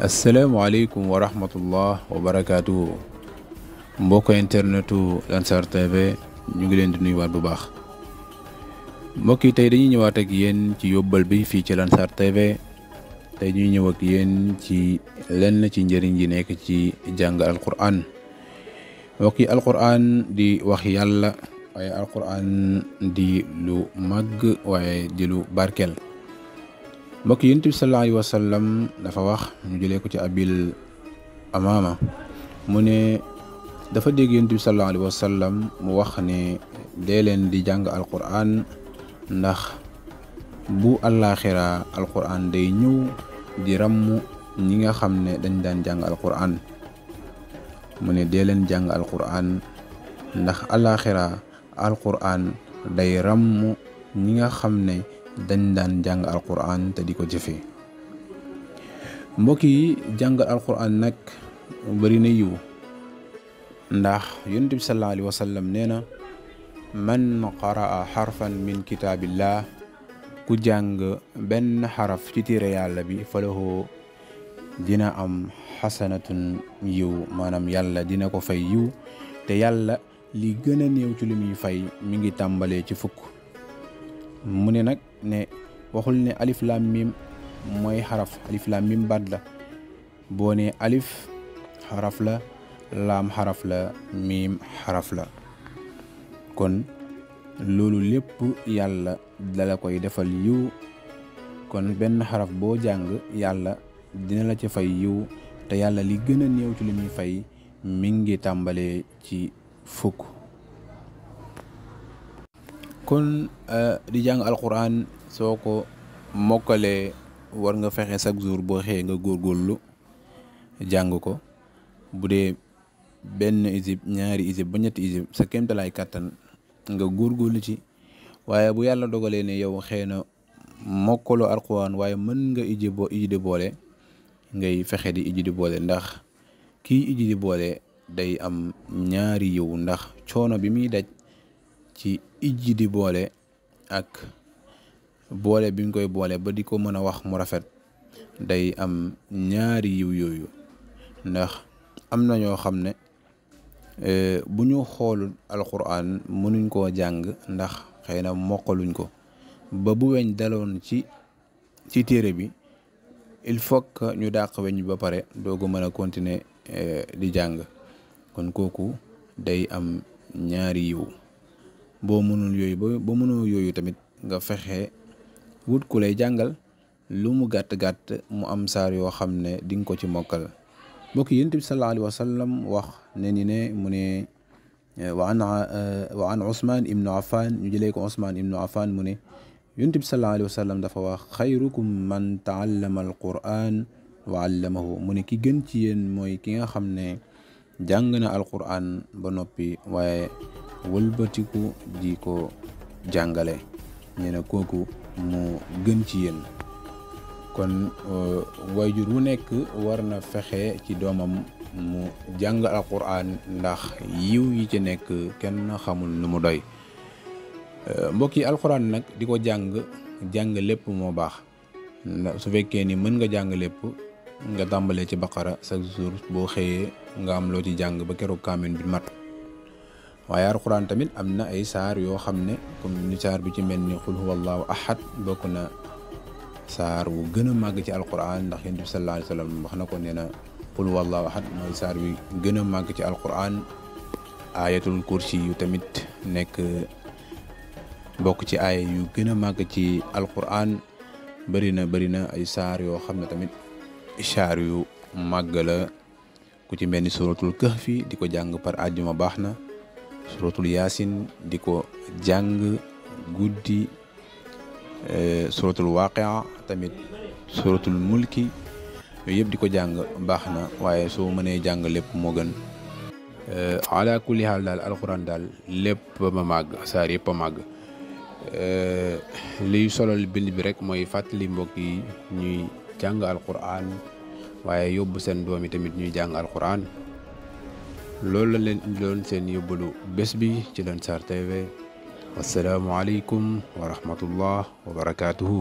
asalaamaaleykum wa rahmatullah wa barakaatu mbokk internetu Lansar TV ñu ngi leen di nuyuwaat bu baax mbokk yi tey dañuy ñëwaat ak yéen ci yóbbal bi fii ci Lansar TV tey ñuy ñëw ak yéen ci lenn ci njariñ yi nekk ci jàng Alqur'an mbokk yi Alqur'an di wax yàlla waaye Alqur'an di lu màgg waaye di lu barkeel. mbokk yonent bi sallallahu wa sallam dafa wax ñu jëlee ko ci abil amaama mu ne dafa dégg yonent bi wa sallam mu wax ne dee leen di jàng alquran ndax bu àllaaxira alquran day ñëw di ràmm ñi nga xam ne dañ daan jàng alquran mu ne dee leen jàng alquran ndax àllaaxira alquran day ràmm ñi nga xam ne dañ daan jàng alquran te di ko jëfee mbokk yi jàng alquran nag bari na yiw ndax yonent bi nee na man qaraa xarfan min kitaabillah ku jàng benn xaraf ci téere yàlla bi falahu dina am xasanatun yiw maanaam yàlla dina ko fay yiw te yàlla li gën a néew ci li muy fay mi ngi tàmbalee ci fukk mu ne nag ne waxul ne alif laam miim mooy xaraf alif laam baat la boo ne alif xaraf la laam xaraf la miim xaraf la kon loolu lépp yàlla dala koy defal yiw kon benn xaraf boo jàng yàlla dina la ci fay yiw te yàlla li gën a néew ci lu muy fay mi ngi tàmbalee ci fukk kon euh, di jàng alxuraan soo ko mokkale war nga fexe chaque jour boo xëyee nga góorgóorlu jàng ko bu dee benn isib ñaari isib ba ñetti isib sa kéemtalaay kàttan nga góorgóorlu ci waaye bu yàlla dogalee ne yow xëy na mokkaloo alxuraan waaye mën nga iji bo iji boole ngay fexe di iji boole ndax kii iji di boole day am ñaari yiw ndax coono bi muy daj ci ijji di boole ak boole biñ koy boole ba di ko mën a wax mu rafet day am ñaari yiw yooyu ndax am na ñoo xam ne e, bu ñu xoolu xoolul alquran mënuñ koo jàng ndax xëy na moqaluñ ko ba bu weñ daloon ci ci téere bi il faut que ñu dàq weñ ba pare doo ko mën a continuer e, di jàng kon kooku day am ñaari yiw boo mënul yooyu ba ba mënoo yooyu tamit nga fexe wut ku lay jàngal lu mu gàtt gàtt mu am saar yoo xam ne di nga ko ci mokkal mbokk yonent bi sallallahu alayhi wa sallam wax ne ni ne mu ne wa an wa an Ousmane Ibnu afan ñu jëlee ko usman Ibnu afan mu ne yonent bi sallallahu alayhi wa sallam dafa wax xayrukum man taallama alquran wa allamahu mu ne ki gën ci yéen mooy ki nga xam ne jàng na alquran ba noppi waaye wëlbatiku di ko jàngale ñu ne kooku mu gën ci yéen kon euh, wayjur wu nekk war na fexe ci doomam mu jàng alquran ndax yiw yi ci nekk kenn xamul nu mu doy euh, mbokk yi alquran nag di ko jàng jàng lépp moo baax su fekkee ni mën nga jàng lépp nga tàmbalee ci baqara chaque jour boo xëyee nga am loo ci jàng ba keroog kaamin bi mat waaye alquran tamit amna na ay saar yoo xam ne comme ni saar bi ci mel ni xul huwallahu ahad bokk na wu gën a màgg ci alquran ndax yonent sallallahu wa sallam na ko nee na xul huwallahu ahad mooy saar wi gën a ci alquran ayatul kursi yu tamit nekk bokk ci aaya yu gën a màgg ci alquran bëri na bëri na ay ne tamit saar yu magala ku ci suratul kahfi di ko jàng par àjjuma baax suratul yasin di ko gudi guddi eh, suratul waqia tamit suratul mulki yooyu yëpp di ko jàng baax na waaye soo mënee jàng lépp moo eh, ala kulli haal daal alquran daal lépp ma màgg saar yëpp a màgg eh, liy solal bind bi rek mooy fàttali mbokk yi ñuy jàng alquran waaye yóbbu seen doom tamit ñuy alquran loolu lañ leen indiloon seen yóbbalu bés bi ci Lansar TV wasalaamualeykum wa rahmatullah wa barakaatuhu.